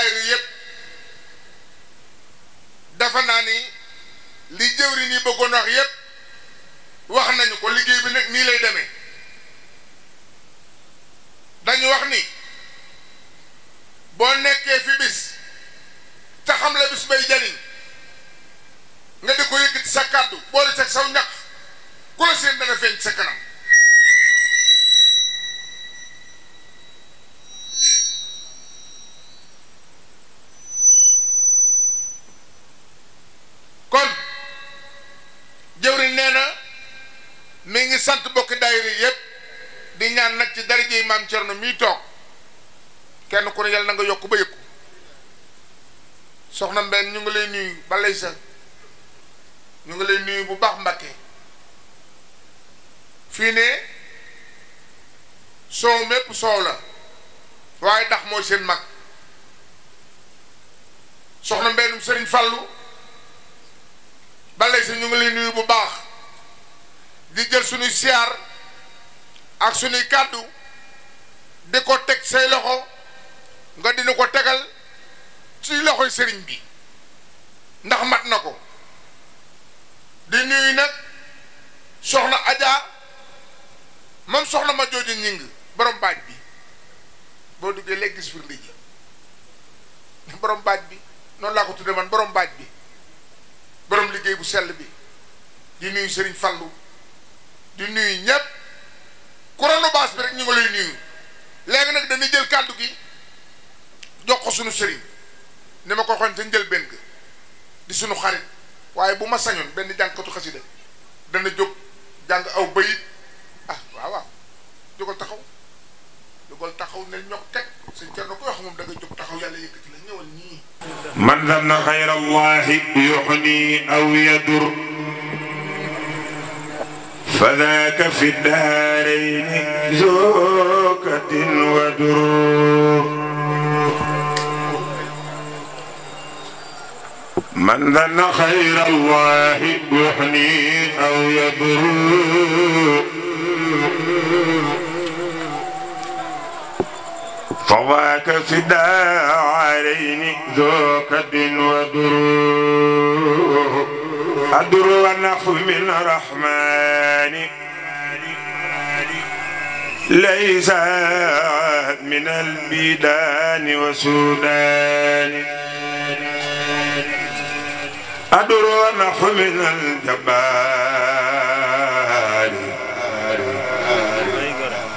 daayira yëpp lay sa ñu ngi leen nuyu bu baax Mbakke fii ne soow mépp soow la waaye ndax mooy seen mag soxna mbeenum sëriñ Fàllu ba lay sa ñu ngi lay nuyu bu baax di jël suñuy siyaar ak suñuy kàddu di ko teg say loxo nga dina ko tegal ci loxoy sëriñ bi ndax mat na ko di nuyu nag soxna ajaa moom soxna ma jooju ñing borom baaj bi boo duggee léegi gis firnde ji borom baaj bi noonu laa ko tudde man borom baaj bi borom liggéey bu sell bi di nuyu Serigne Fallou di nuyu ñépp couronne baas bi rek ñu ngi lay nuyu léegi nag dañuy jël kàddu gi jox ko sunu Serigne ni ma ko xoon te njëlbeen ga di suñu xarit waaye bu ma sañoon benn jàngkatu xasida dana jóg jàng aw bayit ah waaw waaw jógal taxaw jógal taxaw ne ñox teg suñ kenn ko wax moom da nga taxaw yàlla yëkkati la ñëwal ñii man dam na xayra allahi yuxni aw yadur fadaaka fi daarayni zookatin wadur من ظن خير الله يحني أو يضر فواك فدا عليني ذو كد ودر أدر ونحو من رحمن ليس من البيدان وسودان أدرون حمل الجبار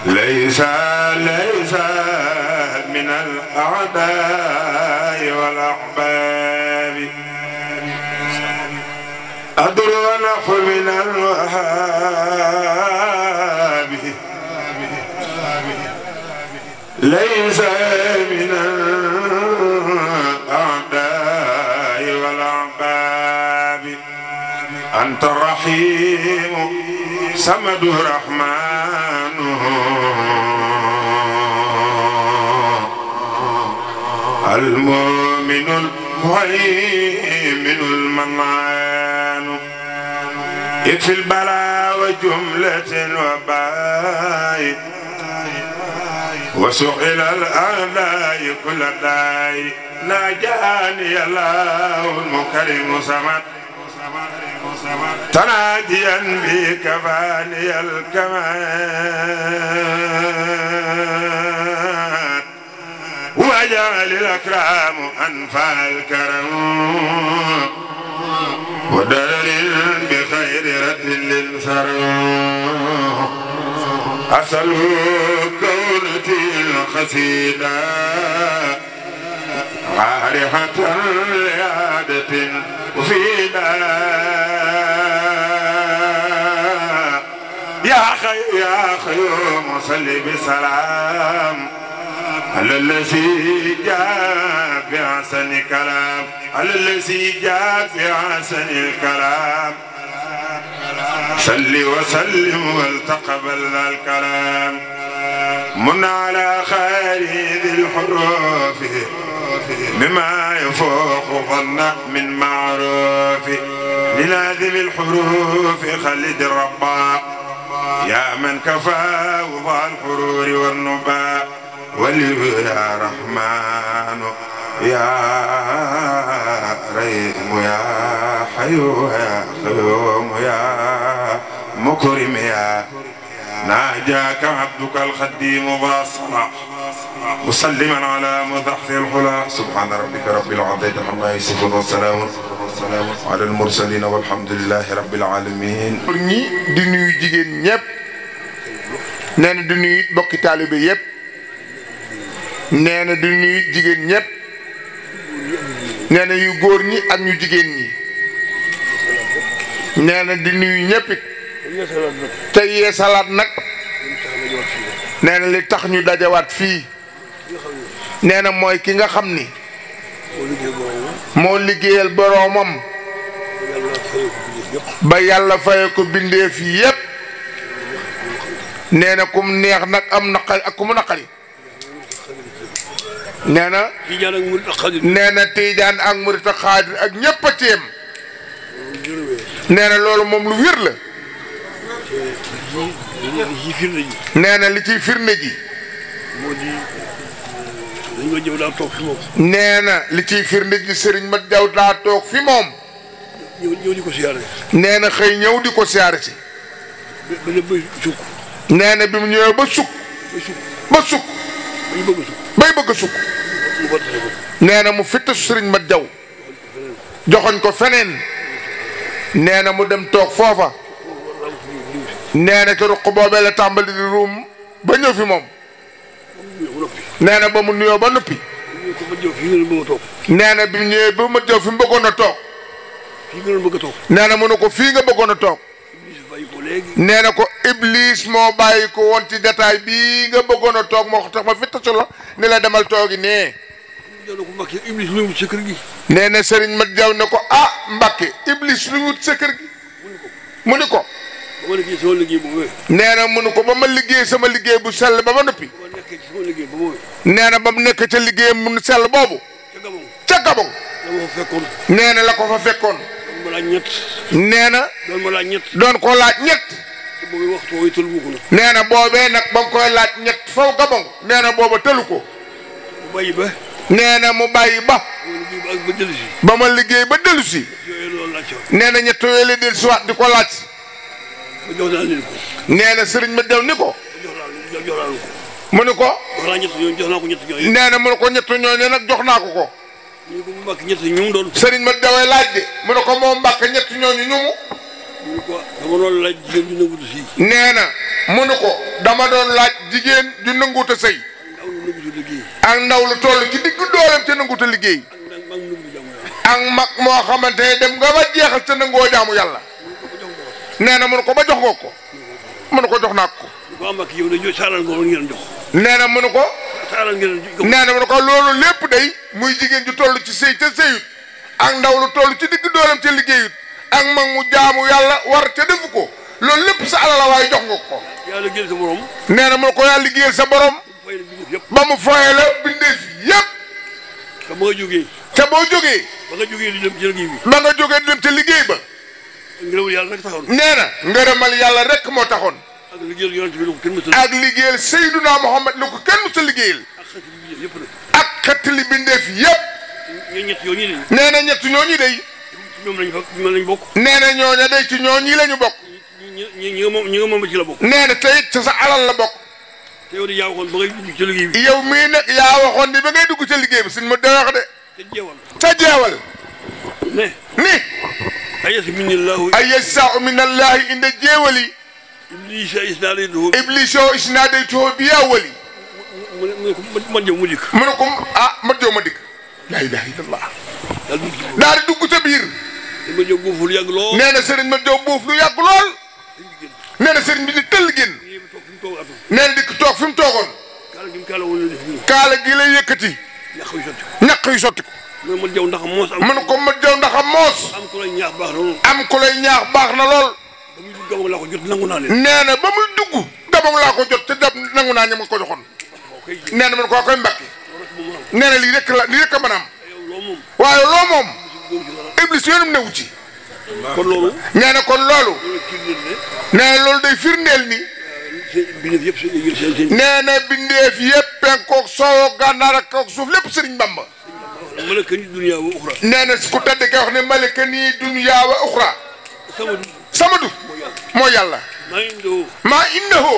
ليس ليس من الأعداء والأحباب أدرون حمل الوهاب ليس من الأعداء الرحيم صمد رحمن المؤمن المهيمن المنان يكفي البلاء وجملة الوباء وسئل الأعداء كل داي ناجاني الله المكرم صمد تناديا بك فاني الكمال وجعل الأكرام أنفع الكرم ودلل بخير رد للفرم أسأل كونتي الخسيدة عارحة لعادة وفيدة يا خيوم صل بسلام على الذي جاء بأحسن الكلام على الذي جاء بأحسن الكلام صل وسلم والتقبل الكلام من على خير ذي الحروف بما يفوق ظنك من معروف للازم الحروف خلد الرباق يا من كفى وضع الحرور والنباء والهدى رحمن يا ريم يا حيو يا خيوم يا مكرم يا ناجاك عبدك الخديم باصرا مسلما على مدحض الحلا سبحان ربك رب العزة عما يصفون وسلام wasalaamu ala almursalina walhamdulilahi rabbil alamin pour ñi di nuyu jigéen ñëpp nee na di nuyu bokki taalibe yëpp nee na yu góor ñi ñu jigéen ñi nee di nuyu ñëpp it nag nee li tax ñu dajawaat fii nee mooy ki nga xam ni moo liggéeyal boroomam ba yàlla faye ko bindeef yépp nee na kum neex nag am naqari ak ku mu naqari nee na nee na tiijaan ak murit ak xaadir ak ñépp a téem nee na loolu moom lu wér la nee na li ciy firnde ji sëriñ Mat Jaw nee na li ciy firnde ji sëriñ Mat Jaw daa toog fi moom. ñëw ñëw nee na xëy ñëw di ko siyaare si. ba nee na bi mu ñëwee ba sukk. ba sukk. bay bëgg a sukk. bay nee na mu fitta sëriñ Mat Jaw joxoñ ko feneen. nee na mu dem toog foofa. nee na ca ruq boobee la tàmbali di ruum ba ñëw fi moom. nee na ba mu nuyoo ba noppi. nee na bi mu ñëwee ma jóg fi bëggoon a toog. nee na mu ne ko fii nga bëggoon a toog. nee na ko Iblis moo bàyyi ko woon ci détail bii nga bëggoon a toog moo tax ma fi tasu la ni la demal toogi nee. nee na Serigne Mat Jaw ne ko a ah, Mbàkke Iblis lu wut sa kër gi. mu ni ko. nee na mu ni ko ba ma liggéey sama liggéey bu sell ba ma noppi. nee na ba mu nekk ca liggéeyam mun sell boobu. ca Gabon nee na la ko fa fekkoon. nee na. doon ko laaj ñett. nee na boobee nag ba mu koy laaj ñett faw Gabon nee na booba tëlu ko. nee na mu bàyyi ba. ba ma liggéey ba dellu si. nee na ñett si waat di ko laaj. nee na sëriñ ma dew ni ko. mu ne ko. jox ñooñu jox naa ko ñett ñooñu. nee na mu ne ko ñett ñooñu nag jox naa ko ko. ñu ko mu ñu mu doon. sëriñ ma daway laaj de ne ko moom mbàkk ñett ñooñu ñu mu. ko dama doon laaj jigéen ju nanguut sëy. nee na mu ne ko dama doon laaj jigéen ju nanguut a sëy. ak ndaw lu toll ci digg dooleem ca nanguut a liggéey. ak mag moo xamante ne dem nga ba jeexal ca nangoo jaamu yàlla. nee na mu ne ko ba jox nga ko. mu ne ko jox naa ko. ko mbàkk yow de saalal nga woon ngeen nee na mënu ko. nee na mënu ko loolu lépp day muy jigéen ju toll ci sëy ca sëyut ak ndaw lu toll ci digg doolam ca liggéeyut ak ma mu jaamu yàlla war te defu ko loolu lépp sa alal la waaye jox nga ko. yaa liggéeyal sa borom. nee na mënu ko yaa liggéeyal sa borom. ba mu foyee la bindeef yépp te boo jógee. te boo jógee. ba nga jógee di dem ca liggéey ba nga jógee di dem ca liggéey ba. ngërëmal yàlla rek taxoon. nee na yàlla rek moo taxoon. ak liggéeyal yonent bi lu ko kenn mësul ak liggéeyal Seyduna Muhammad lu ko kenn mësul liggéeyal ak xeet li bindeef yépp ñett ñooñu de nee ñett ñooñu de ñoom ñooña day ci ñooñi la ñu bokk ñi nga sa alal la bokk yow di yaa waxoon ba ngay dugg ci liggéey bi yow mii de ca jeewal ni ay yasau min allahi inda jeewali iblisa isnaadaytuhu iblisa isnaadaytuhu bi yaa wali mu ne a mat jow ma dikk mu ne ko ah mat jow ma dikk laa ilaha illallah ca biir ma jow buuf lu yàgg lool nee na sëriñ ma jow buuf lu yàgg lool na sëriñ bi di tëll génn nee na dikk toog mu toogoon kaala gi lay yëkkati ñaq yu sotti ko mu ne ko mat moos am ku lay ñaax baax na lool nee na ba dugg dabag jot te nangu naa ña ko joxoon nee na man koo koy mbàkke nee na lii rek la lii rek a a am waaye loo moom yoonum newu ci nee na loolu nee na loolu firndeel ni nee bindeef yëpp penkook soowook gànnaar ak suuf lépp sëriñ Bamba nee na ku tedd kay wax nii dunya wa uxra samadu moo yàlla maa innahu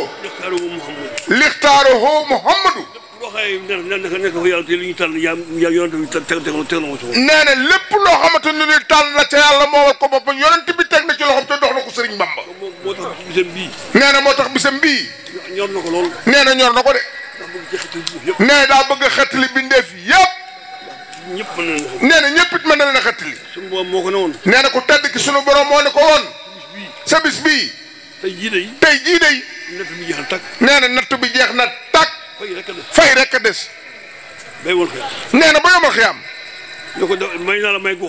lixtaaruhu muhammadu nee na lépp loo xamante ni ni tànn na ca yàlla moo war ko boppam yonent bi teg na ci loxoom te dox na ko sëriñ Bamba nee na moo tax bisam bii ñor na ko lool nee na ñor na ko de nee na daa bëgg a xettali bindeef yëpp nee na ñëpp it mën na leen a xettali nee na ku tedd ki sunu borom moo ne ko woon sa bi tey jii day tey jii day. natt bi jeex na natt bi jeex na tàkk. fay rek a des fay rek a des. bay wol xiyaam. nee na ba yomal xiyaam. ne ko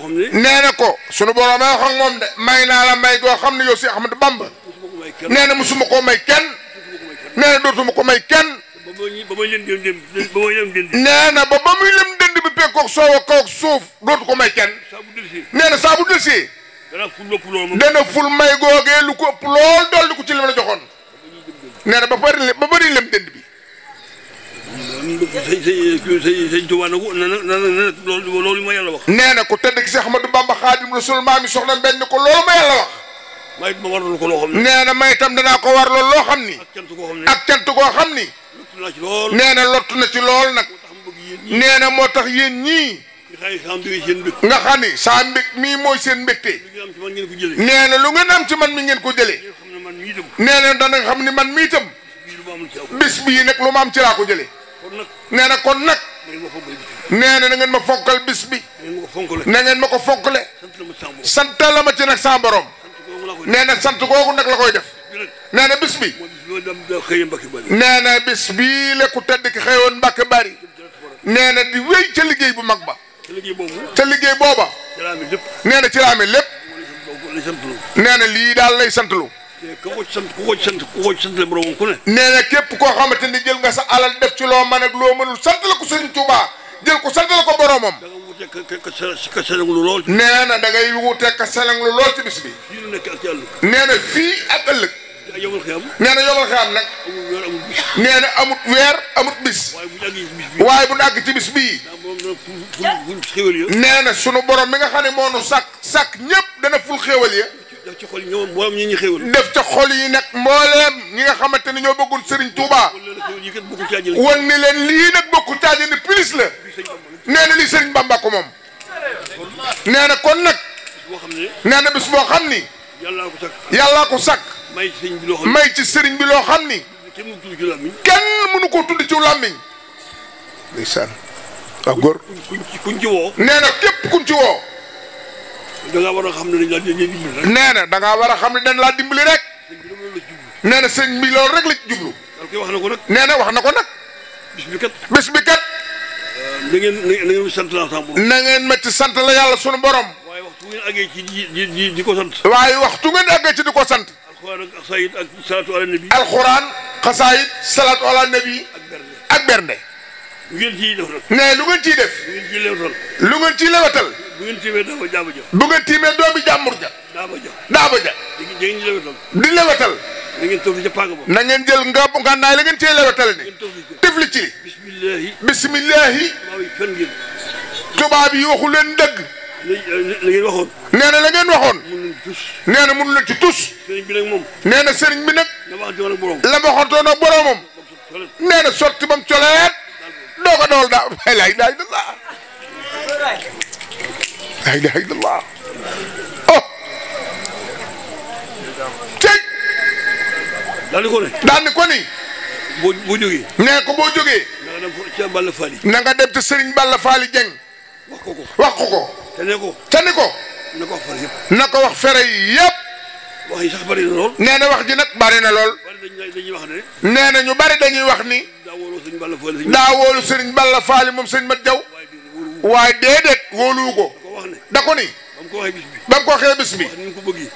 xam ne. nee na ko sunu borom may wax ak moom de may naa la may goo xam ne yow si Ahmadou Bamba. nee na musuma koo may kenn. nee na dootuma may kenn. ba may lëm dënd ba may lëm dënd. nee na ba muy lëm dënd bi peggoog soow ak kaw ak suuf dootu ko may kenn. nee na saa bu dana ful lépp loolu. dana ful may googee lu ko ëpp lool dolli ko ci li ma la joxoon. nee ba bëri ba bëri lem dënd bi. sëñ Tuubaa nag loolu loolu ma yàlla wax. nee na ku tëdd ki Cheikh Ahmadou Bamba Xaadim Rasul maam soxna Mbène ni ko loolu ma yàlla wax. may ko loo xam ne. may itam danaa ko war loolu loo xam ni. ak cant koo xam ni ak cant koo xam ni. lottu na ci lool. nee na lottu nag. nee na moo tax yéen ñii. nga xam ni saa mbég mii mooy seen mbégte nee na lu ngeen am ci man mi ngeen ko jëlee nee na dana xam ni man mii itam bis bii nag lu ma am ci laa ko jëlee nee na kon nag nee na na ngeen ma fonkal bis bi na ngeen ma ko fonkale santal la ma ci nag saa borom nee na sant googu nag la koy def nee na bis bi nee na bis bii la ku tedd ki xëyoon Mbàkke Bari nee na di wéy ca liggéey bu mag ba te liggéey boobu. te liggéey booba. ci laa amee lépp. nee na ci laa amee lépp. nee na lii daal lay santlu. ku sant ku ko ci sant ku ko képp koo xamante ni jël nga sa alal def ci loo mën ak loo mënul sant la ko Serigne Touba jël ko sant la ko boromam. nee na da ngay wuteeg ka seleng lu lool ci bis bi. nee na fii ak ëllëg. nee na yomal xiyam nag nee na amut weer amut bis waaye bu ñu àgg ci bis bii nee na sunu borom mi nga xam ne moo nu sàkk sàkk ñëpp dana ful xéewal ya def ci xol yi ñoom ñi ñu xéewal def ca xol yi nekk mbooleem ñi nga xamante ne ñoo bëggul Serigne Touba wan ni leen lii nag bokku caaji ni pilis la nee na lii Serigne Bamba ko moom nee na kon nag nee na bis boo xam ni yàllaa ko sàkk may ci sëriñ bi loo xam ci sëriñ bi loo xam ni. kenn mënu ko tudd ci làmmiñ. kenn ko tudd ci làmmiñ. ndeysaan ak góor. kuñ ci nee na képp kuñ ci woo. da ngaa war a xam ne dañ laa dimbali rek. nee da ngaa war a xam ne dañ laa dimbali rek. nee na sëriñ bi loolu rek la ci jublu. wax na ko nag. nee na wax na ko nag. bis bi kat bis bi kat. Euh, na ngeen na sant la na ngeen ma ci sant la yàlla sunu borom. waaye waxtu ngeen àggee ci di di di ko sant. waaye ci di ko sant. alxuraan xasaayit salaatu ala nabi ak bernde lu ngeen ciy def nag. mais lu ngeen ciy def. lu ngeen ciy lewatal. lu ngeen ciy lewatal. bu ngeen tiimee doomu jàmbur ja. bu ngeen tiimee doomu jàmbur ja. daaba ja daaba ja. di lewatal. di lewatal. na ngeen tëfli ca paaka ba. na ngeen jël nga ngànnaay la ngeen cee lewatal ni. tëfli ci li. bisimilahi. bisimilahi. tubaab yi waxu leen dëgg. la ngeen waxoon. nee na la ngeen waxoon. nee na la ci tus. sëriñ bi nag moom. bi nag. la waxantoon ak boromam. nee na sotti ba coleet. doo ko dool daal laa laa ilaaha illallaah. oh. tey. daal di ko ni. daal di ko boo boo jógee. ko boo jógee. na nga dem Balla Fally. na ko. te ko. te ne ko. na ko wax fere yëpp. na ko wax fere yëpp. wax yi sax bari na lool. nee na wax ji nag bari na lool. dañuy wax ne. nee na ñu bari dañuy wax ni. daa wóolu sëriñ Balla Faali. daa wóolu sëriñ Balla Faali moom sëriñ Mat Jaw. waaye déedéet wóoluwu ko. da ko ni. ba mu ko waxee bis bi.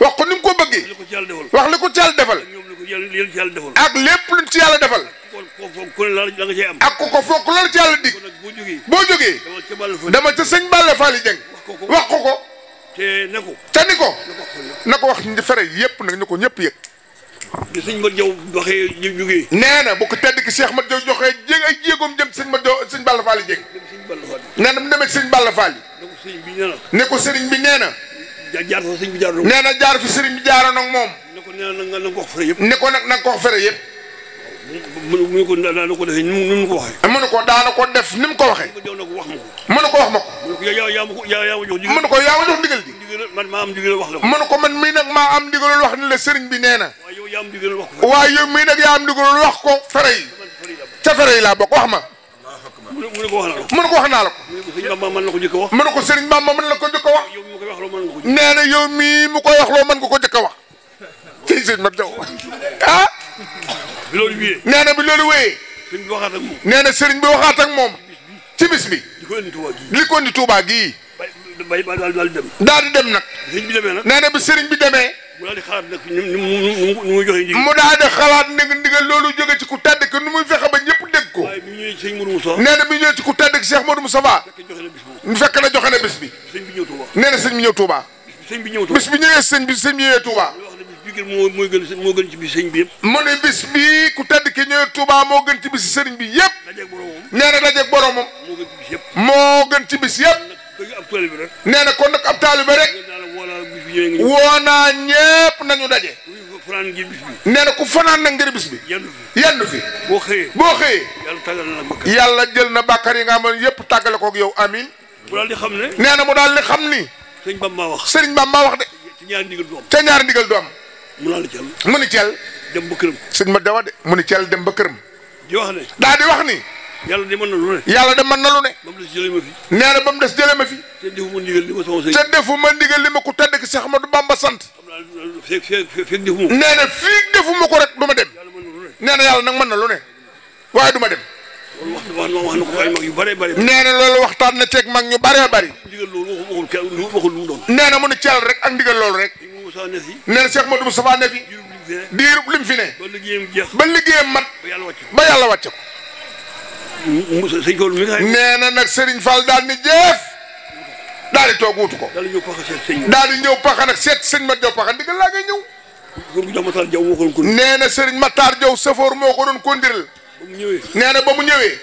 wax ko ni mu ko bëggee. wax ko ni mu ko bëggee. wax li ko ci Yàlla defal. ci yàlla defal. ak lépp luñ ci yàlla defal. ak ku ko fokk loolu ci yàlla dig. boo jógee. dama ca sëñ Balla Fally Dieng. wax ko ko. te ne ko. te ni ko. na ko wax fere yëpp nag ñu ko ñëpp yëg. bi sëñ Mat Jaw waxee ñu jógee. nee na bu ko tedd ki seex ma Jaw joxee jéeg ay jéegoom jëm sëñ Mat Jaw sëñ Balla Fally Dieng. nee na mu demee sëñ Balla Fally. ne ko sëriñ bi nee na. jaar fa sëñ bi jaar nee na jaar fi sëriñ bi jaaroon ak moom. nag ko wax fere yëpp. ne ko nag na nga ko wax fere yëpp. mënu ko daana ko defee ni mu ko waxee. mënu ko daana ko def ni mu ko waxee. mënu ko wax ma ko. mënu ko yaa ma ko yaa ma jox ndigal. mënu ko yaa ma jox ndigal ji. man maa am ndigal wax la ko. mënu ko nag maa am ndigal wax ni la sëriñ bi nee waaye yow nag yaa am ndigal wax ko fere yi. ca fere yi laa bokk wax ma. mënu ko wax naa la ko. ko wax naa la ko. sëriñ ko jëkk a wax. mënu ko sëriñ ko jëkk a nga ko jëkk a wax tey sëñ mat jaw bi loolu wéyee. nee na bi loolu wéyee. sëriñ bi waxaat ak moom. nee na sëriñ bi waxaat ak moom. ci bis bi. li ko indi Touba gii. li ko indi Touba gii. daal di dem. daal di dem nag. sëriñ bi demee nag. nee na bi sëriñ bi demee. mu daal di xalaat nag ni mu mu mu joxe ndigal. mu daal di xalaat nag ndigal loolu jóge ci ku tedd ki nu muy fexe ba ñëpp dégg ko. waaye bi ñëwee ci sëñ bi ñëwee ci ku tedd ki Cheikh Modou Moussa Ba. fekk na joxe na bi. nee na sëñ bi ñëw Touba. bis bi ñëwee bi ñëwee Touba. bi moo moo gën moo gën ci bis sëriñ bi yëpp. mu ne bis bii ku tedd ki ñëwee Touba moo gën ci bis sëriñ bi yëpp. nee na dajeeg boromam. moo gën ci bis yëpp. nee na kon nag ab taalibe rek. woo naa ñëpp nañu daje. nee na ku fanaan na ngir bis bi. yendu fi boo xëyee. boo xëyee. yàlla jël na bàkkar yi nga xam ne yëpp tàggale koog yow amin mu daal xam ne. nee na mu daal di xam ni. sëriñ Bamba wax sëriñ Bamba wax de. te ñaar ndigal du am. mu naan cel mu ni cel dem ba këram sëñ ma dawa ni cel dem ba kër di wax ne daa di wax ni yàlla de mën na lu ne yàlla na lu ne ba mu des jëlee ma fi nee na ba mu des jëlee ma fi te defu ma ndigal li ma sama sëñ te ma ndigal li ma ko tedd ki Seex Ahmadu sant fekk fekk defu na fii defu ma ko rek du dem nee na yàlla nag mën na lu ne waaye du ma dem loolu wax loolu waxtaan na ceeg mag ñu bëree bëri ndigal loolu waxul cel rek ak ndigal loolu rek Moussa ne fi. nee na Cheikh Modou Moustapha ne fi. diirub lim fi ne. ba liggéeyam jeex. ba liggéeyam mat. ba yàlla wàcc ko ba yàlla wàcc ko. nee na nag Serigne Fall daal ni jeef. daal di toog wutu ko. daal di ñëw paxa seet sëñ daal di ñëw paxa nag seet sëñ ma jow paxa ndigal laa ngay ñëw. nee na Serigne Matar Diaw moo ko doon kondiril. nee na ba mu ñëwee.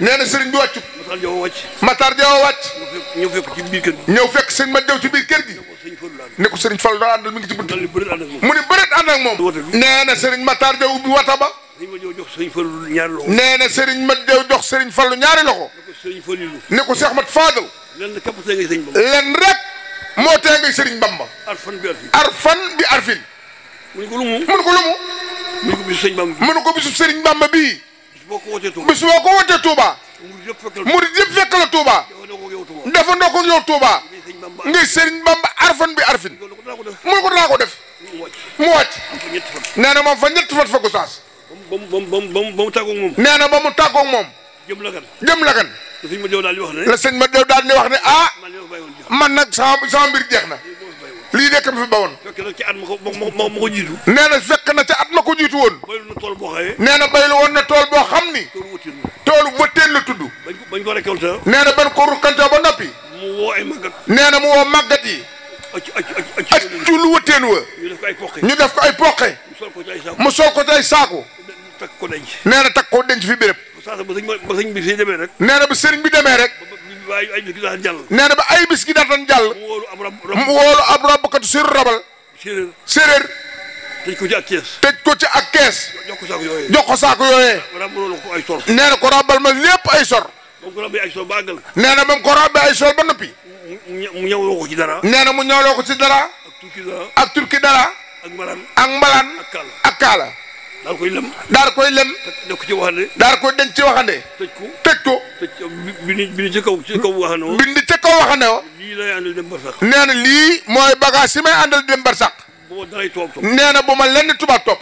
nee na sëriñ bi wàccut. Matar Jaw wàcc. Matar Jaw ñëw fekk ci biir kër gi. ñëw fekk sëñ ma jaw ci biir kër gi. ne ko sëriñ Fallu daan àndal mi ngi ci bunt. mu ni bëreet ànd ak moom. nee na sëriñ Jaw ubbi wata ba. nee na sëriñ ma jaw jox sëriñ Fallu ñaari loxo. ne ko Seex Mat Faadal. lenn rek moo tee ngay sëriñ Bamba. arfan bi arfin. mu ne ko lumu. mu ne ko lumu. ko bisu sëriñ Bamba bii. boo ko wootee Touba bis boo ko wootee Touba. murid yëpp fekk la Touba. dafa ndokk ak yow Touba. ngay Serigne Bamba arfan bi arfin. mu ne ko danaa ko def. mu wàcc. nee na moom fa ñett fan fa Gosaas. ba mu ba mu ba mu tàggoog moom. nee na ba mu tàggoog moom. jëm la kan jëm la kan. la sëñ ma Diop daal di wax ne. la sëñ ma Diop daal di wax ah, man nag sama sama mbir jeex na. lii nekk bi fi bawoon. fekk na ci at ma ko ma ma nee na fekk na ca jiitu woon. baylu na tool boo na tool boo xam ni. toolu wëtteen la tudd. bañ ko bañ ko récolté. nee na bañ ko rukkantoo ba noppi. mu woo ay màggat. nee na mu woo màggat yi. accu lu wa. ñu def ko ay poqe. ñu def ko ay poqe. mu sol ko ci ay saako. takk ko denc. nee na takk ko denc fi béréb. ba sëñ bi demee rek. nee na ba sëriñ bi demee rek. ba ay bis gi daan jàll. nee na ba ay bis gi daan jàll. mu wóolu ab rab mu wóolu ab rabkat séeru rabal. séeréer séeréer. tëj ko ci ak kees. tëj ko ci ak kees. jox ko saako jox ko saako yooyee. ko ay sor. nee na ko rabal ma lépp ay sor. ba mu ko rabee ay sor ba nee na ba mu ko rabee sor ba noppi. mu ñawloo ko ci dara. nee na mu ñawloo ko ci dara. ak turki dara. ak turki ak mbalaan ak mbalaan. ak kaala. daal koy lëm. daal koy lëm. def ko ci waxande. daal koy denc ci waxande. tëj ko tëj ko. tëj bind bind ci kaw ci kaw waxande woo. bind ci kaw waxande woo. lii lay àndal dem barsax. nee na lii mooy bagage yi may dem barsax. bu na bu ma lenn tubaab topp.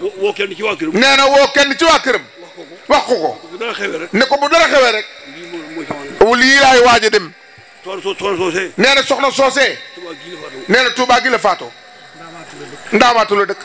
woo woo kenn ci waa këram. nee kenn ci waa këram. wax ko ko ne ko bu dara xewee rek. lii laay waaj a dem. nee na soxna soosee. nee na Touba gi la faatoo. ndaamaatu la dëkk.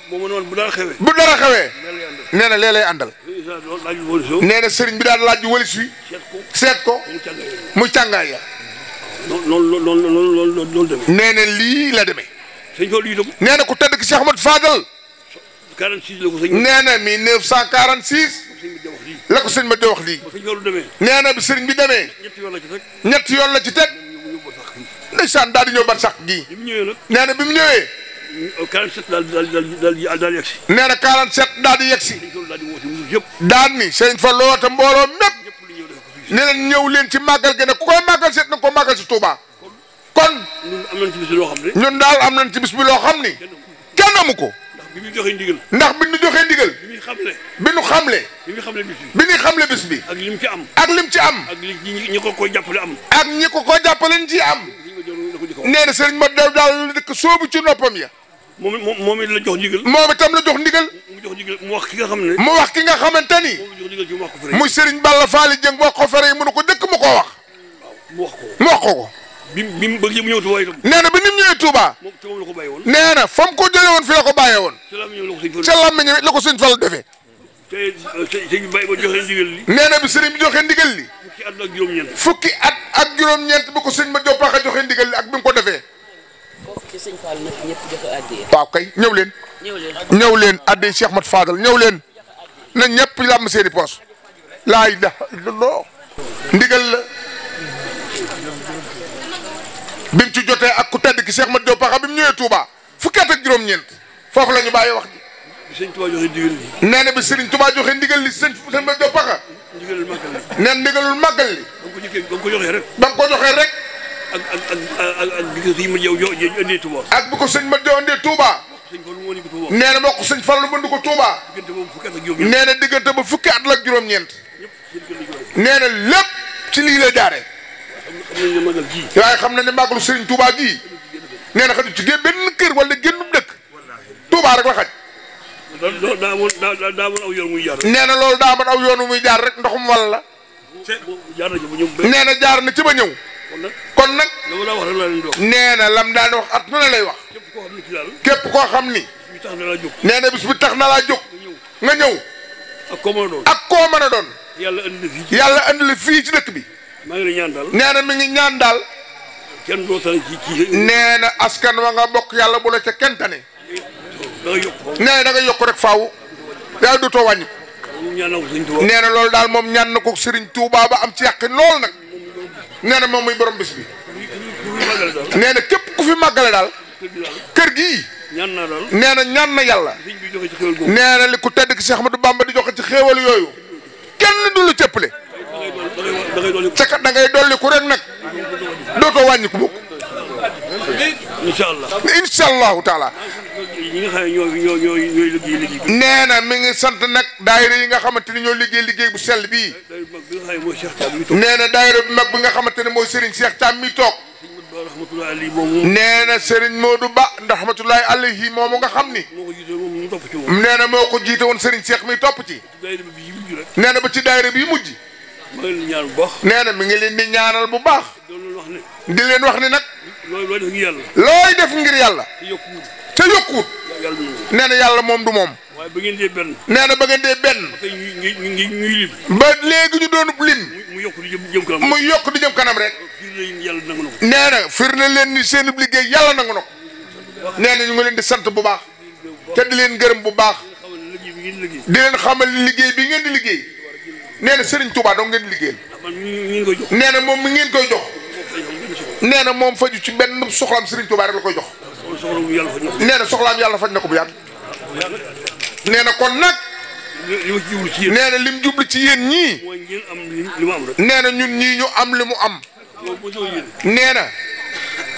bu dara xewee. bu dara xewee. nee na lee lay àndal. nee na sëriñ bi daal laaj walis wi. seet ko mu càngaay ya. noonu noonu noonu noonu demee. nee na lii la demee. sëñ Fallou itam. nee na ku tedd ki Cheikh Ahmad Fadal. 46 la ko sëñ. nee na 1946. la ko sëñ ma di wax lii. nee na bi sëriñ bi demee. ñetti yoon la ci teg. ñetti yoon la ci teg. ndeysaan daal di ñëw ba sax gii. nee na bi mu ñëwee. 47 daal di daal di daal di yegsi. nee na fa loota mbooloo mépp. nee na leen ci màggal gi ne ku koy màggal seet na ko màggal si Touba. kon ñun daal am nañ ci bis xam ni. kenn amu ndax bi ñu ndigal. ndax bi ñu joxee ndigal. bi ñu xamle. bi ñu xamle. bi ñu ak lim ci am. ak lim ma daal dëkk soobu ci noppam ya moom it moom la jox ndigal. moom itam la jox ndigal. mu wax ki nga xam ne. mu wax ki nga xamante ni. muy Serigne Balla Faly Dieng wax ko fere yi mënu ko dëkk mu ko wax. mu wax ko mu ko ko. bi bi mu bëgg yëpp ñëw Touba itam. nee na bi ni mu ñëwee Touba. moom ci moom la ko bàyyi woon. nee na fa mu ko jëlee woon fi la ko bàyyee woon. ca làmmiñ la ko sëñ Fall defee. te sëñ bi bàyyi ba joxe ndigal li. nee na bi sëriñ bi joxe ndigal li. fukki at ak juróom-ñeent. bi ko sëñ ma joppaaka joxe ndigal li ak bi mu ko defee waaw kay ñëw leen. ñëw leen addi seex Mat Fadal ñëw leen na ñëpp làmm seeni poos laa ilaha illallah ndigal la bi mu ci jotee ak ku tedd ki Cheikh Mat Diop Paxa bi mu ñëwee Touba fukki at juróom-ñeent foofu lañu ñu bàyyi wax ji. bi sëñ Touba joxe ndigal li. nee na bi sëriñ Touba joxe ndigal li Mat Diop Paxa. ndigalul ndigalul màggal li. ba nga ko joxee rek. ak ak ak ak bi ko sëñ ma jow andee Touba. ak bu ko sëñ ma jow andee Touba. nee na mbokk sëñ Fallu bënd ko Touba. nee na diggante ba fukki at la juróom-ñeent. nee na lépp ci lii la jaare waaye xam na ne màggalu sëriñ Touba gii. nee na xajul ci génn benn kër wala mu dëkk. Touba rek la xaj. loolu daa amoon daa amoon aw yoon wu jaar. nee na loolu daa amoon aw yoon muy jaar rek ndoxum wala la. nee na jaar na ci ba ñëw. kon nag nee na lam daan wax at mu ne lay wax képp koo xam ni nee na bis bi tax na laa jóg nga ñëw ak koo a doon ak koo mën a doon yàlla andi la fii ci dëkk bi nee na mi ngi ñaan daal nee na askan wa nga bokk yàlla bu ca kenn tane nee na da nga yokk rek faaw ko nee na loolu daal moom ñaan na ko Serigne Touba ba am ci yàqin lool nag. nee na moom muy borom bis bi nee na képp ku fi màggale daal kër gii nee na na yàlla nee na li ku tedd ki Cheikh Ahmadou Bamba di joxe ci xéewal yooyu kenn du lu cëppale ca kat da ngay dolli ku rek nag dootoo wàññi ku mukk incha allah incha allahu taala. ñi nga xam ne ñoo ñoo ñooy liggéey liggéey bi. nee na mi ngi sant nag daayira yi nga xamante ni ñoo liggéey liggéey bu sell bii. nee na daayira bu mag bi nga xamante ne mooy Serigne Cheikh Thiam mi toog. nee na moo du Ba ndax rahmatullahi alayhi moomu nga xam ni. nee na moo ko jiite woon Serigne seex mi topp ci. nee na ba ci daayira bi mujj. nee na mi ngi leen di ñaanal bu baax. di leen wax ni nag. looy def ngir yàlla. looy def ngir yàlla. te yokkuwut. te yokkuwut. nee na yàlla moom du moom. waaye ba ngeen dee benn. nee na ba ngeen dee benn. ba léegi ñu doon lim. mu yokk di jëm kanam. yokk di jëm kanam rek. nee na firnde leen ni seen liggéey yàlla nangu na ko. nee na ñu ngi leen di sant bu baax. te di leen gërëm bu baax. di leen xamal liggéey bi ngeen di liggéey. nee na Serigne Touba dong ngeen di liggéeyal. Ah, nee na moom mi ngeen koy jo nee na moom faju ci benn soxlaam Serigne Touba rek la koy jox. nee na soxlaam yàlla faj na ko bu yàgg. nee na kon nag. nee na lim jublu ci yéen ñii. nee na ñun ñii ñu am li mu am. nee na.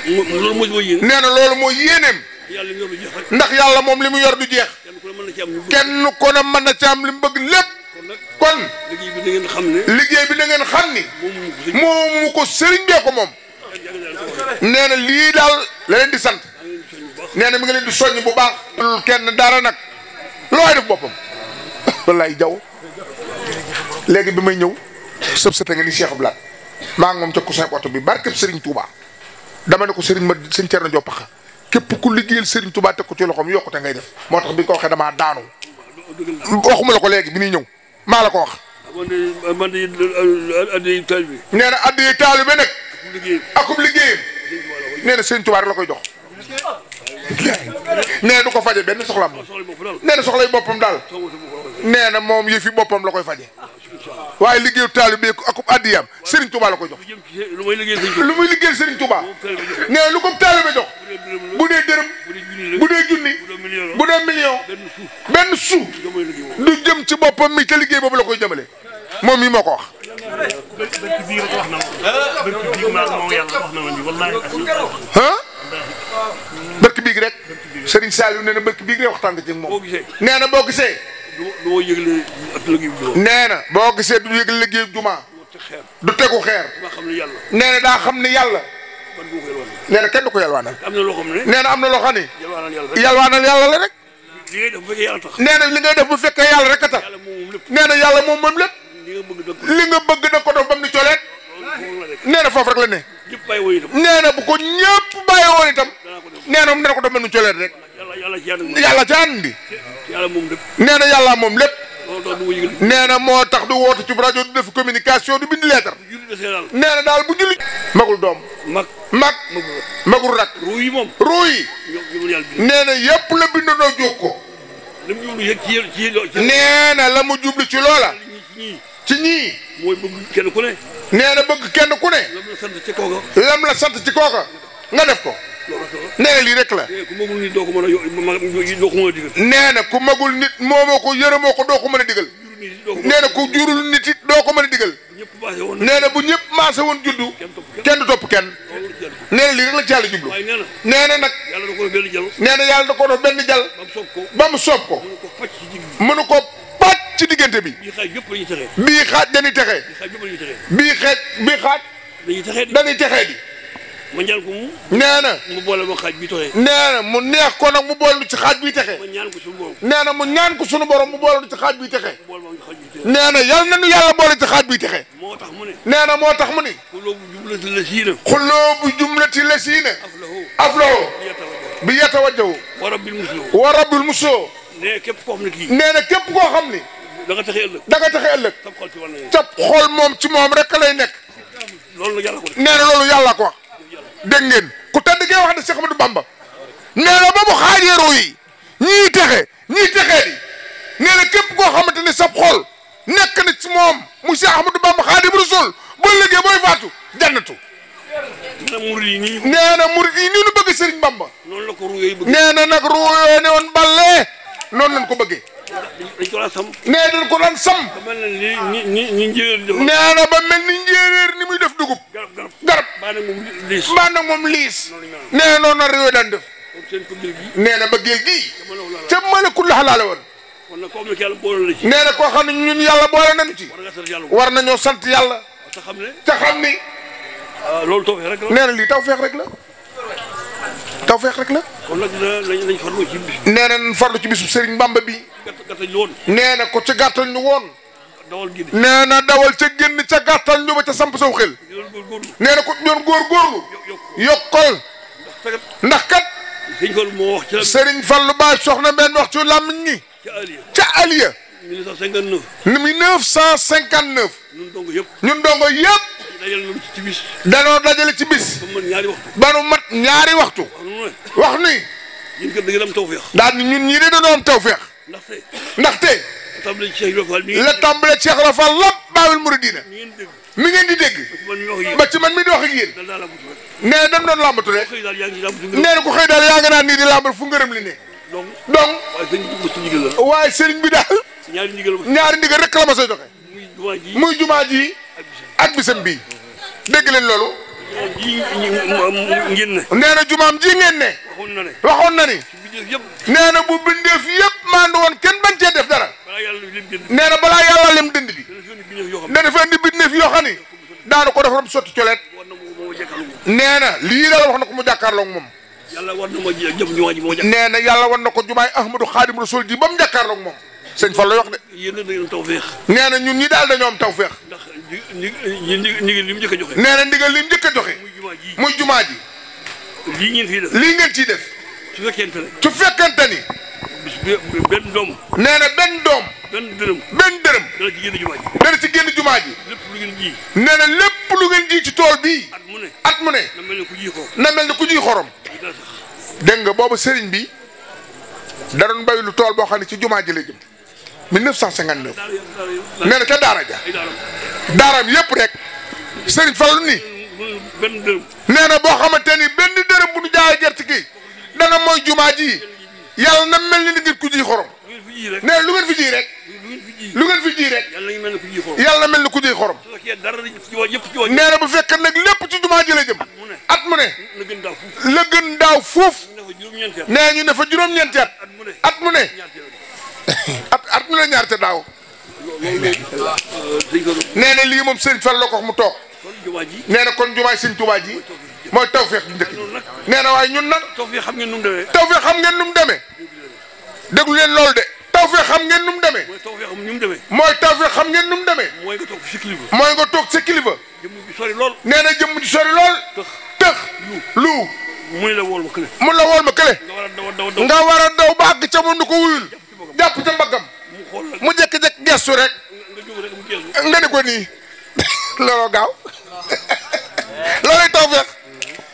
nee na loolu mooy yéeneem. ndax yàlla moom li mu yor du jeex. kenn ko ne mën na ci li mu bëgg lépp. kon liggéey bi xam ne. liggéey bi da ngeen xam ni. moomu ko sëriñ bee ko moom. nee na lii daal la leen di sant nee na mi ngi leen di soññ bu baax. kenn dara nag looy def boppam wallaay jaw léegi bi may ñëw sëb sëte nga ni Cheikh Abdoulaye maa ngi moom ca Koussin oto bi barkeb sëriñ Touba dama ne ko Serigne ma sëñ na Diop paxa képp ku liggéeyal Serigne Touba teg ko ci loxoom yokkute ngay def moo tax bi nga ko waxee damaa daanu waxuma la ko léegi bi ñuy ñëw maa la ko wax. man de addi taalibe nee na liggéeyam akub liggéeyam nee na sëñ tubaar la koy jox nee na du ko faje benn soxlaam nee na soxlay boppam daal nee na moom yëfi boppam la koy faje waaye liggéeyu taalibe akub addiyam sëriñ tuba la koy jox lu muy liggéeyal sëriñ tuba nee na lu ko taalibe jox bu dee dërëm bu dee junni bu dee million benn suuf du jëm ci boppam mi te liggéey boobu la koy jamale moom yi moo ko wax dëkk bii rek wax na ma dëkk bii na ma nii wallaahi ah dëkk bii rek Serigne Saliou nee na dëkk bii rek waxtaan nga ci moom nee na boo gisee doo yëgle ak na boo gisee du yëgle liggéeyu jumaa du tegu xeer nee na daa xam ne yàlla nee na kenn du ko yalwaanal nee na am na loo xam ne yalwaanal yàlla la rek nee na li ngay def bu fekkee yàlla rek a tax nee na yàlla moom moom lépp li nga bëgg da nga ko doon ba mu ni coleet nee na foofu rek la ne nee na bu ko ñëpp bàyyi woon itam nee na moom dana ko doon ba mu coleet rek yàlla ci àndi nee na yàlla moom lépp nee na moo tax du woote ci rajo du def communication du bind leetar nee na daal bu julli magul doom mag mag magul rak ruuy moom ruuy nee na yëpp la bindandoo jóg ko nee na la mu jublu ci loola ci ñii. mooy bëgg kenn ku ne. nee na kenn ku ne. lam la sant ci kooka. lam la sant ci kooka nga def ko. nee na lii rek la. nee ku magul nit ko mën a doo ko mën a digal. nee magul nit moomoo ko yërëmoo ko doo ko mën a digal. nee na ku jurul nit it doo ko mën a digal. nee na bu ñëpp maase woon juddu. kenn du topp kenn. nee na lii rek la ci yàlla jublu. nee na nag. nee na yàlla da ko def benn jal. ba mu soob ko. mënu ko. ci diggante bi. bii xaaj yëpp dañuy texe. bii xaaj dañuy texe. bii xaaj bii xaaj. dañuy texe di dañuy texe di. ko mu. nee na mu boole ma xaaj bi texe. nee na mu neex ko nag mu boole ci xaaj bi texe. ma ñaan ko suñu borom. nee na mu ñaan ko suñu borom mu boole ci xaaj bi texe. nee na yal na nu yàlla boole ci xaaj bi texe. moo tax nee na moo tax mu ne. xuloo bu jumlati la siina. xuloo bu jumlati la siina. afloo bi yatawajjahu. wa rabbil musoo. wa rabbil musoo. nee na képp koo xam kii. nee na képp koo xam ne. da nga taxe ëllëg da nga taxe ëllëg tab xool moom ci moom rek lay nekk loolu yàlla ko nee na loolu yàlla ko wax dégg ngeen ku tedd gee wax ne Cheikh Ahmadou Bamba nee na ba mu xaajee ruu ñii texe ñii texee di nee képp koo xamante ni sab xool nekk na ci moom mu Cheikh Ahmadou Bamba Xaadimu Rasuul bu ëllëgee booy faatu jannatu nee na murid yi nii nu bëgg Sëriñ Bamba nee na nag ruu yooyu noonu lañ ko bëggee dañ ko daan sam. nee dañ ko daan sam. ba mel ni ni ni njéeréer nee na ba mel ni njéeréer ni muy def dugub. garab garab baa nag moom liis. baa nag moom liis. nee noonu a réew def. nee na ba géel gii. te malakul xalaale woon. nee na koo xam ne ñun yàlla boole nañ ci. war nañoo sant yàlla. te xam ni. loolu taw feex nee na lii taw feex rek la. tawfeex rek la. kon nag nañ ci bis. nee na bi. nee ko ca gàttal ñu woon. nee na dawal ca génn ca gàttal ñu ba ca samp saw xel. nee na ñor góor góorgóorlu. yokkal. ndax kat. Serigne Fallou moo wax ci la. Serigne Fallou Ba soxna benn wax ci làmmiñ ñi. ca Aliya. 1959. 1959. ñun dongo yëpp. ñun dongo yëpp. dajale nañu ci bis. danoo dajale ci bis. ba mu mat ñaari waxtu. ba mu mat ñaari waxtu. wax ni. ñun kat da ngeen am tawféex. daal ni ñun ñii de dañoo am tawféex. ndaxte. ndaxte. la tàmbale Cheikh Rafal la tàmbale Cheikh Rafal lépp baawul muridina. mi ngeen di dégg. ba ci man mi di wax ak yéen. nee na dañ doon làmbatu rek. nee na ku xëy daal yaa nga naan nii di làmbal fu ngërëm li ne. donc waaye sëriñ bi daal. ñaari ndigal rek la ma soo joxe. muy jumaa ji. ak bisam bii dégg leen loolu. ngeen ne. nee na jumaam ji ngeen ne. waxoon na ne waxoon na ni. nee na bu bindeef yëpp maandu woon kenn bañ cee def dara. nee na balaa yàlla lim dënd bi. nee na fi indi bindeef yoo xam daanu ko def rom sotti coleet. nee lii daal wax na ko mu jàkkaarloog moom. yàlla war na ma jëm nee na yàlla na ko jumaay Ahmadou Khadim Rasoul ji ba mu jàkkaarloog moom. sëñ Fall lay wax de. yéen a ngi leen tawféex. nee na ñun ñi daal dañoo am tawféex. ñu li mu njëkk a joxe. nee na ndigal li joxe. muy jumaa ji muy jumaa ji. lii ngeen ciy def lii ngeen ciy def. su fekkente ne. su fekkente ni. benn doom. nee na benn doom. benn dërëm. benn dërëm. dana ci génn jumaa ji. dana ci génn jumaa ji. lépp lu ngeen ji. nee na lépp lu ngeen ci tool bii. at mu ne at mu ne. na mel ni ku ji xorom. na mel ku ji xorom. dégg nga boobu sëriñ bi da doon béy lu tool boo xam ne ci jumaa ji la jëm. 1959 nee na ca Daara ja Daaraam yëpp rek Serigne Fallou nii nee na boo xamante ni benn dërëm bu ñu jaayee gerte gi dana mooy jumaa ji yàlla na mel ni ni ngeen ku ji xorom nee na lu ngeen fi ji rek lu ngeen fi ji rek yàlla na mel ni ku ji xorom nee na bu fekkee nag lépp ci jumaa ji la jëm at mu ne la gën daaw foof ñu ne fa juróom-ñeenti at at mu ne. at at mu ne ñaar te daaw. nee na lii moom Serigne Fall la ko mu toog. nee na kon jumaay Serigne Touba ji mooy tawféex bu njëkk ji. nee na waaye ñun nag. tawféex xam ngeen nu mu demee. tawféex xam ngeen nu mu demee. déglu leen loolu de. tawféex xam ngeen nu mu demee. mooy tawféex xam nu mu demee. mooy tawféex xam ngeen nu mu demee. mooy nga toog sa kilifa. mooy nga toog sa kilifa. jëmm ji sori lool. na jëmm ji sori lool. tëx tëx lu. mu la wool ma kële. mu la wool ma kële. nga war a daw ba àgg ca mu nu ko wuyul. jàpp ca mbaggam mu jékki-jékki gestu rek nga ne ko nii looloo gaaw loolay tawfeex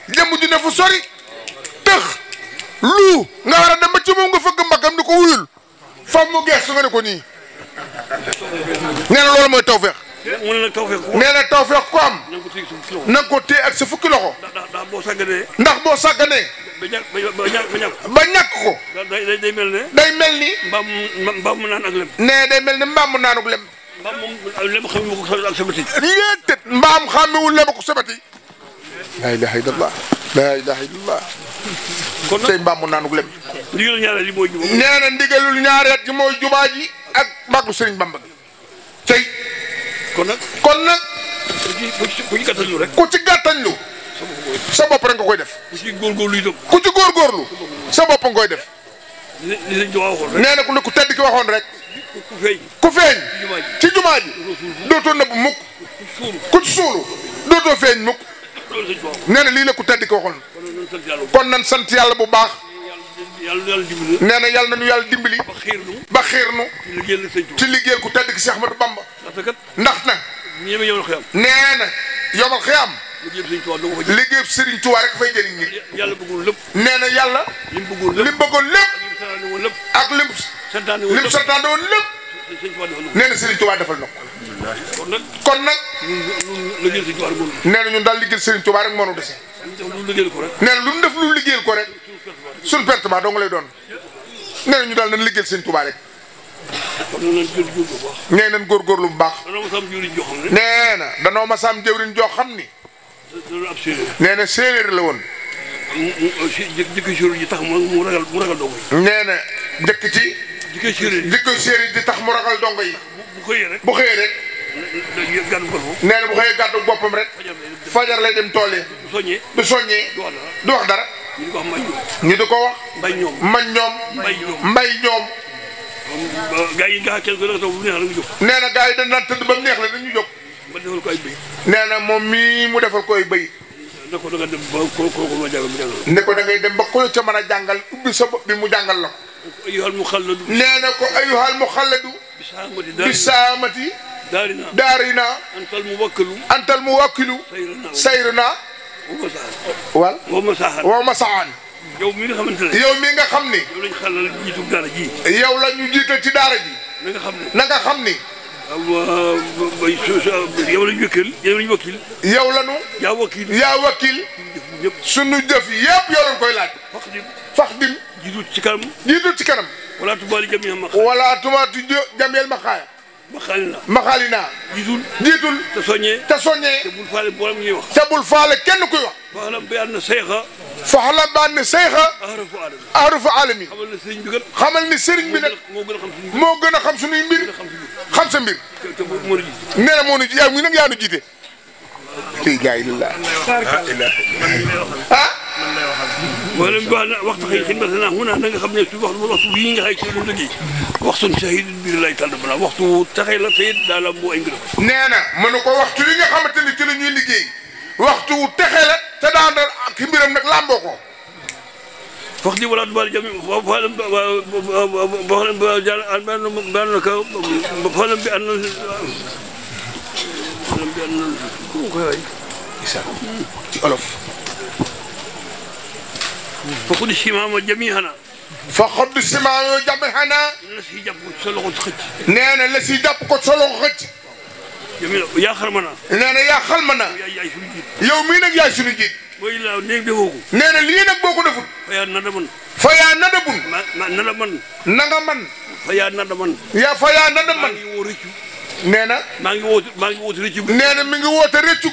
jëmm ju ne fu sori tëx lu nga war a dem ba nga fëgg mbaggam ni ko wuyul fam mu gestu nga ne ko nii nee na mooy tawfeex mu ne nag tawfeex ku nee na tawfeex ku am na nga ko téye ak sa fukki loxo ndax boo sàgganee ndax boo sàgganee ba ñàkk ko day mel ne day mel ni mbaam mu naan ak lem nee day mel ni mbaam mu naan ak lem mbaam moom lem xamewu ko ak sabati léeg tët mbaam xamewu lem ko sabati laa ilaha illallah laa ilaha illallah kon tey mbaam mu naanug lem ndigalul ñaareel ji mooy jubaa nee na ndigalul ñaareel ji mooy jubaa ji ak màggu sëriñ Bamba gi tey kon nag kon nag. ku ci gàttañ lu rek. ku ci gàttañ lu. sa bopp rek koy def. ku ci góorgóorlu itam. ku ci góorgóorlu. sa bopp nga def. li li waxoon rek. nee ku ne ku tedd ki waxoon rek. ku feeñ. ku feeñ ci jumaa ji dootoo nëbb mukk. ku ci suulu dootoo feeñ mukk. nee na lii la ku tedd ki waxoon. kon nan sant yàlla bu baax. yàlla na yàlla dimbali. nee na yàlla nañu yàlla dimbali. ba xiir nu. ba xiir nu. ci liggéeyal la sëñ Tuuba. ci liggéeyal ku tedd ki Cheikh Ahmadou Bamba. ndax kat. ndax nag. ñi yemee yomal xiyam. nee na yomal xiyam. liggéeyub Serigne Touba rek fay jëriñ nit. yàlla bëggoon lépp. nee na yàlla. lim bëggoon lépp ak lim. santaane woon lépp lim santaane woon na Serigne Touba defal na ko. kon nag. nee na ñun daal liggéeyal Serigne Touba rek moo nu dese. nee na lu mu def lu liggéeyal ko rek. suñu pertement dong lay doon nee ñu daal na liggéeyal sëñ Tuubaa rek. nee nañ góorgóorlu bu baax. nee na danoo ma sam joo xam ni. nee na séeréer la woon. jëkk séeréer ji tax mu ragal mu ragal dongo yi. nee na jëkk ci. jëkk séeréer jëkk tax mu ragal dongo yi. bu xëyee rek bu xëyee rek. nee na bu xëyee gàddu boppam rek. fajar lay dem tool yi. du soññee du wax dara. ñu di ko wax mbañ ñoom. ñu di ko wax. mbañ ñoom ñoom. mbay ñoom mbay ñoom. Euh, gaa yi gaa kenn ku nekk toog bu neex la ñu jóg. nee na gaa yi dañ naan tëdd ba mu neex defal ko ay béy. nee na moom mii mu defal ko ay béy. ne ko da nga dem ba ko ko ma mu jàngal la. ne ko da ngay dem a jàngal ubbi sa bopp mu jàngal na bisaamati daarina daarina. antal mu wakkilu. antal mu wakkilu. sayru wal woo ma saaxaan woo ma saaxaan yow mi nga xamante ne yow mi nga xam ni yow lañ xelal jiitu daara ji yow la ñu jiital ci daara ji na nga xam ni na nga xam ni yow la ñu wëkkil yow la ñu wakkil yow la ñu yaa wakkil yaa wakkil sunu jëf yëpp yow lañ koy laaj faxdim faxdim jiitu ci kanam jiitu ci kanam wala tubaali jam yel ma xaaya maxaalinaa maxaalinaa jiitul jiitul te soññee te soññee te bul faale boolem ñuy wax te bul faale kenn kuy wax faxla bi ànd seyxa faxla bi ànd seyxa ahrufu alami ahrufu alami xamal ni sëriñ bi gën xamal ni sëriñ bi nag moo gën a xam suñuy mbir xam sa mbir nee na moo nu yaa ngi nag yaa nu jiite tey gaa yi lillah ah ولم يقال وقت خير مثلا هنا انا خمنا في وقت وقت وين هاي شنو لقي وقت شهيد بالله تعالى بنا وقت تخيل سيد لا لا مو انجلو نانا منكو وقت وين خمتني تي لا ني لقي وقت تخيل te daan na ki mbiram nag làmboo ko. wax dëgg walaat baal jëm foo foo leen boo leen boo jàll an benn benn kaw foo leen bi àndal si foo leen bi àndal si. isa ci olof. فقد سماما جميعنا a سماما جميعنا نانا لسي جاب كو سولو خج yaa xal ma naa. nee na yaa xal ma naa. yow mii nag yaay suñu jiit. mooy laaw néeg defoo ko. nee na lii nag boo ko defut. fa yaa nada man. fa yaa nada bun. na nga man. fa yaa nada man. yaa fa man. maa ngi woo rëccu. nee na. maa ngi woote maa ngi woote rëccu. na mi ngi woote rëccu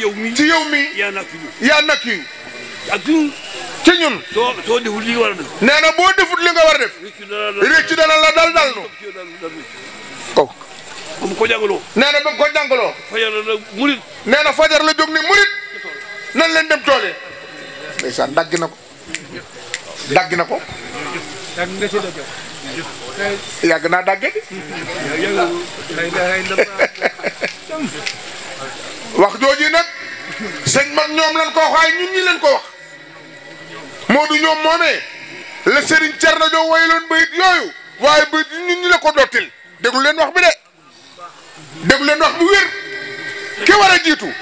yow mii ci yow mii. yaa ak ñun. ci ñun. soo soo deful nee na boo deful li nga war a def. rëccu dana la dal dal nu. kaw. ba mu ko jàngaloo. nee na ko jàngaloo. fajar la nee na fajar la jóg ni murit. nan leen dem tool yi. dagg na ko. dagg na ko. yàgg naa dàgge di wax jooju nag sëñ mag ñoom lan ko waxaay ñun ñi leen ko wax moo du ñoom moomee la Serigne Thierno Dio wayloon bayit yooyu waaye bayit yi ñu la ko dottil déglu leen wax bi de déglu leen wax bu wér ki war a jiitu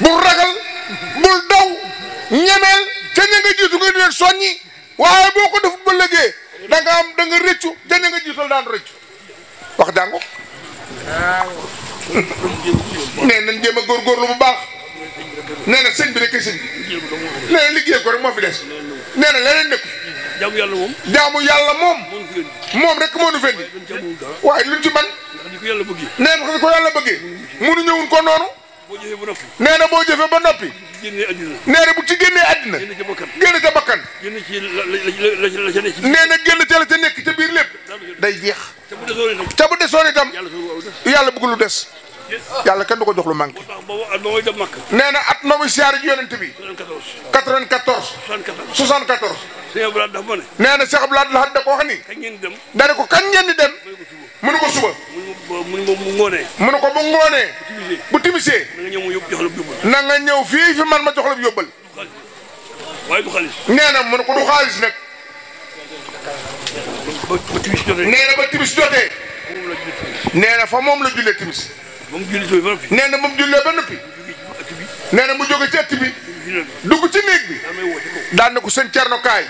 bul ragal bul daw ñemeel ca ña nga jiitu nga di leen soññi waaye boo ko def ba lëgee da nga am da nga rëccu ca ña nga jiital daan rëccu wax jàngu nee nañ jéem a góorgóorlu bu baax nee na bi rek sëñ bi nee na liggéey ko rek moo fi des nee na leneen nekk jaamu yàlla moom jaamu yàlla moom moom rek moo nu fendi waaye luñ ci ban nee na ko yàlla bëggee munu ñëwun ko noonu nee boo jëfee ba noppi nee na bu ci génnee àddina génn ca bakkan nee na génn ca la nekk ca biir lépp day jeex te bu desoon itam yàlla bëgg lu des yàlla kenn du ko jox lu manqué. nee na at moomu siyaare ji yonent bi. 94. 74. 74. nee na Cheikh Abdou Lahad da ko wax ni. dana ko kañ ngeen di dem. mënu ko suba. mënu ko bu ngoonee. mënu ko bu ngoonee. bu timisee. na nga ñëw fii fi man ma jox la yóbbal. waaye du xaalis. nee na mënu ko du xaalis nag. nee na ba timis jotee. nee na fa moom la jullee timis. ba mu jullee ba noppi. nee na ba mu jullee ba noppi. nee ci ëtt bi. dugg ci néeg bi. daan na ko sëñ Cerno kaay.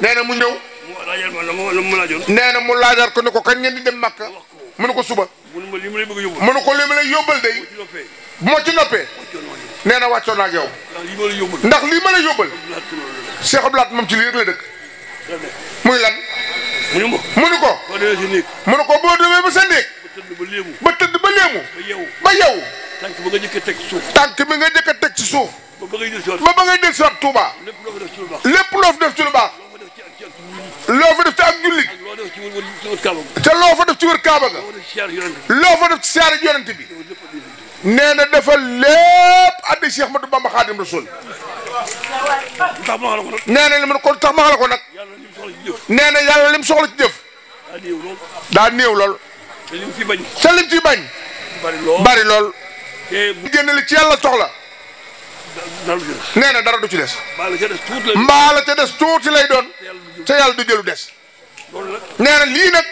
nee na mu ñëw. nee na mu laajar ko ne ko kañ ngeen di dem Makka. mu ne ko suba. mu ne ko li ma lay yóbbal day. moo ci noppee. nee na wàccoon naa ak yow. ndax lii ma lay yóbbal. Cheikh Abdoulaye moom ci lii rek la dëkk. muy lan. mu ne ko. mu ne ko boo demee ba sa néeg. tëdd ba léemu. ba tëdd ba léemu. ba yeewu ba yeewu. tànk ba nga njëkk a teg ci suuf. tànk bi nga njëkk a teg ci suuf. ba ba ngay del siwaat ba ba ngay del siwaat Touba. lépp loo fi def ci lu baax. lépp loo fi def ci lu baax. loo fa def ci ak jullit. loo fa def ci wër Kaaba ga. te loo fa def ci wër Kaaba ga. loo fa def ci siyaare yonent bi. nee na dafa lépp addi Cheikh Ahmadou Bamba Khadim Rasoul. nee na li ma kon tax ma xala ko nag. nee na yàlla lim soxla ci jëf. daa néew lool. te lim ci bañ. te lim ci bari lool bari lool. te bu génne li ci yàlla soxla. nee na dara du ci des. mbaa la ca des tuuti lay doon. te yàlla du jëlu des. nee na lii nag.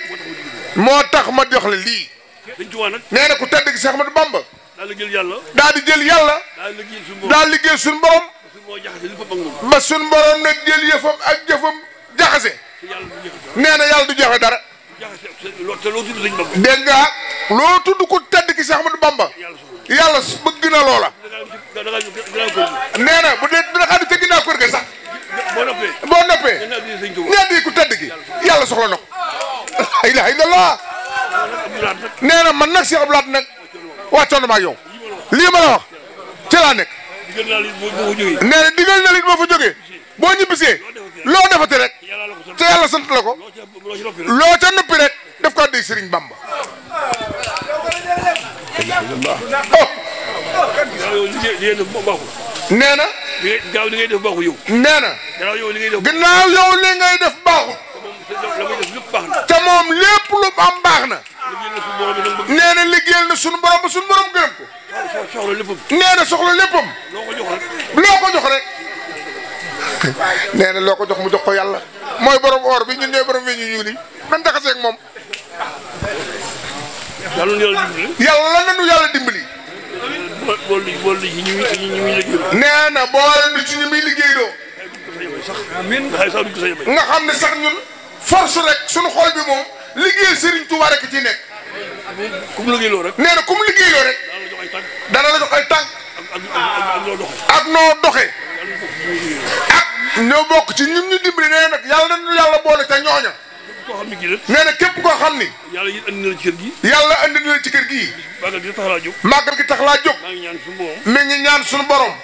moo tax ma jox la lii. nee na ku tedd gi Seex Ahmadu Bamba. daal di jël yàlla. daal di jël yàlla. daal di liggéey suñu borom. ba suñu borom nag jël yëfam ak jëfam jaxase. nee na yàlla du joxe dara. dégg nga loo tudd ku tedd ki Cheikh Ahmadou Bamba yàlla bëgg na loola nee na bu dee dina xam ne ca ginnaaw kër ga sax boo noppee ñaar di ku tedd ki yàlla soxla na ko la ilaha illallah nee na man nag Cheikh Abdou Lahad nag wàccoon na ma ak yow lii ma la wax ci laa nekk nee na digal na li boo fa jógee boo ñibbisee loo defati rek te yàlla sant la ko loo ca noppi rek def ko addi Serigne Bamba. nee na. gaaw li ngay def yow. nee na. gannaaw yow li ngay def gannaaw yow li ngay def baaxul. te moom lépp lu am na. nee na liggéeyal na sunu borom ba sunu borom gërëm ko. nee na soxla léppam. nee na loo ko jox mu jox ko yàlla mooy borom bi ñun ñooy borom weñ yu ñuul yi nan jaxaseeg moom. yàlla na yàlla nanu yàlla dimbali. bool bool ci ñi muy liggéey. loo na bool ci ñi muy nga xam ne sax ñun force rek sunu xol bi moom liggéey Serigne Touba rek ci nekk. kum liggéeyoo rek. nee na kum liggéeyoo rek. dana la jox ay tànk. ak noo doxee. ñoo bokk ci ñun ñu dimbali nee nag yàlla nañu yàlla boole ca ñooña. nee na képp koo xam ni. yàlla indi na la ci kër gi. yàlla indi na la ci kër gi. tax laa jóg. màggal gi tax laa jóg. ngi ñaan suñu borom. mi ngi ñaan suñu borom.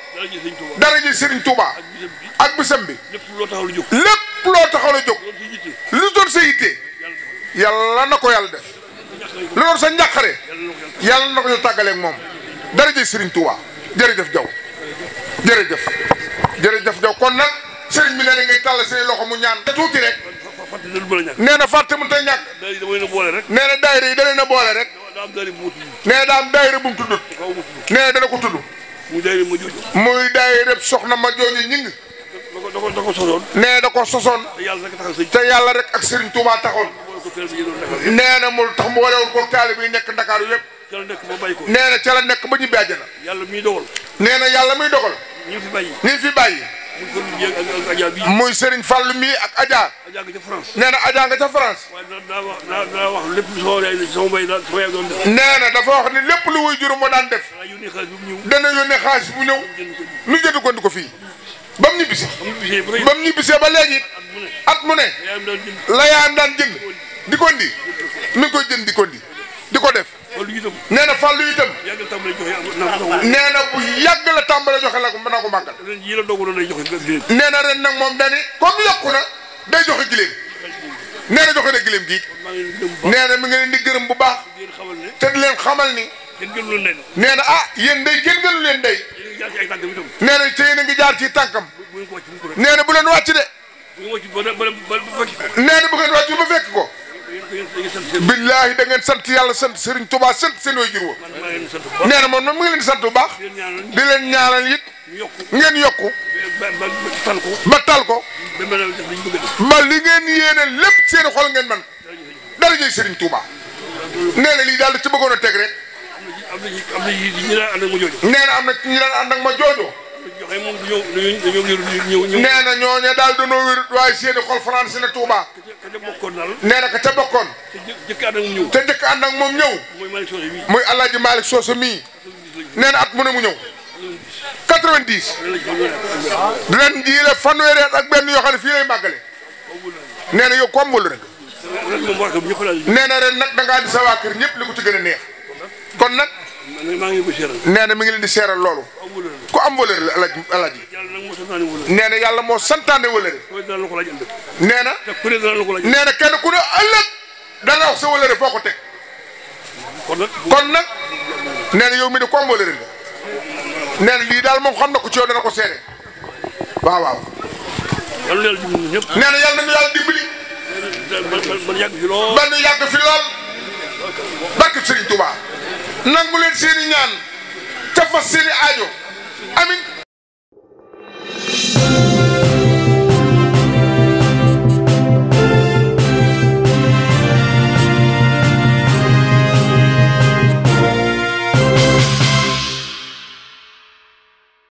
dara ji Serigne Touba. ak bisam bi. lépp loo taxaw la jóg. lépp loo taxaw la jóg. lu doon sa yitte. yàlla na ko yalla def. lu doon sa njàqare. yàlla na ko yàlla tàggalee moom. dara ji Serigne Touba jërëjëf Jaw jërëjëf jërëjëf Jaw kon nag. sëriñ bi nee na ngay tàll say loxo mu ñaan tuuti rek nee na fàtte mu ta ñàkk nee na daayira yi da leen a boole rek nee na daam daayira bu mu tuddut nee na dana ko tudd muy daayira soxna ma jooju ñing nee da ko sosoon te yàlla rek ak sëriñ Tuubaa taxoon nee na mu tax mu walewul ko taalib yi nekk Ndakaaru yëpp nee na la nekk ba ñibbi àjjana nee na yàlla muy dogal ñi fi bàyyi mooy Serigne Fallou mii ak Adja. Adja nga ca France. nee na Adja nga ca France. nee na dafa wax ni lépp lu wuy juru moo daan def. dana yónnee xaalis bu ñëw. nu jënd ko indi ko fii. ba mu ñibbisee. ba mu ñibbisee ba léegi at mu ne. la yaayam daan jënd di ko indi mi koy jënd di ko indi di ko def. nee na fàllu itam. nee na bu yàgg la joxe la ko mën na ko màggal. nee na ren nag moom dani comme yokku na day joxe gileem. nee na joxe na gileem gi. nee na mi ngi leen di gërëm bu baax. te di xamal ni. nee na ah day gën gënu leen day. nee na a ngi jaar ci tànkam. nee na bu leen wàcc de. nee na bu ngeen ba fekk ko. billaahi da sant yàlla sant Serigne Touba sant seen waajur wa nee na moom moom mu ngi leen di sant bu baax di leen ñaanal it ngeen yokku ba tal ko ba li ngeen yéene lépp seen xol ngeen man dara jëy Serigne Touba nee na lii daal da ci a teg rek nee na am na ñu daan ànd ak ma joojo nee na daal danoo wérut waaye seeni xol France na Touba nee na ko te bokkoon. te jëkk ànd ak ñëw. te jëkk ànd ak moom ñëw. muy El Hadj Malick Soose mii. nee na at mu ne mu ñëw. 90. dinañ jiile fanweeri at ak benn yoo xam ne fii lay màggale. nee na yow kombul rek. nee na ren nag da ngaa di sa waa kër gën a neex. kon nag. nee na mi ngi leen di seeral loolu. ku am wëlëri la alaaj alaaji. nee na yàlla moo santaane wëlëri. nee na. nee na kenn ku ne ëllëg dana wax sa wëlëri foo ko teg. kon nag nee na yow mi ne ku am wëlëri la. nee lii daal moom xam na ko ci yow dana ko seere waaw waaw. yàlla nee na yàlla nañu yàlla dimbali. lool. ban yàgg fi nangu leen seeni ñaan ca fas seeni aajo amin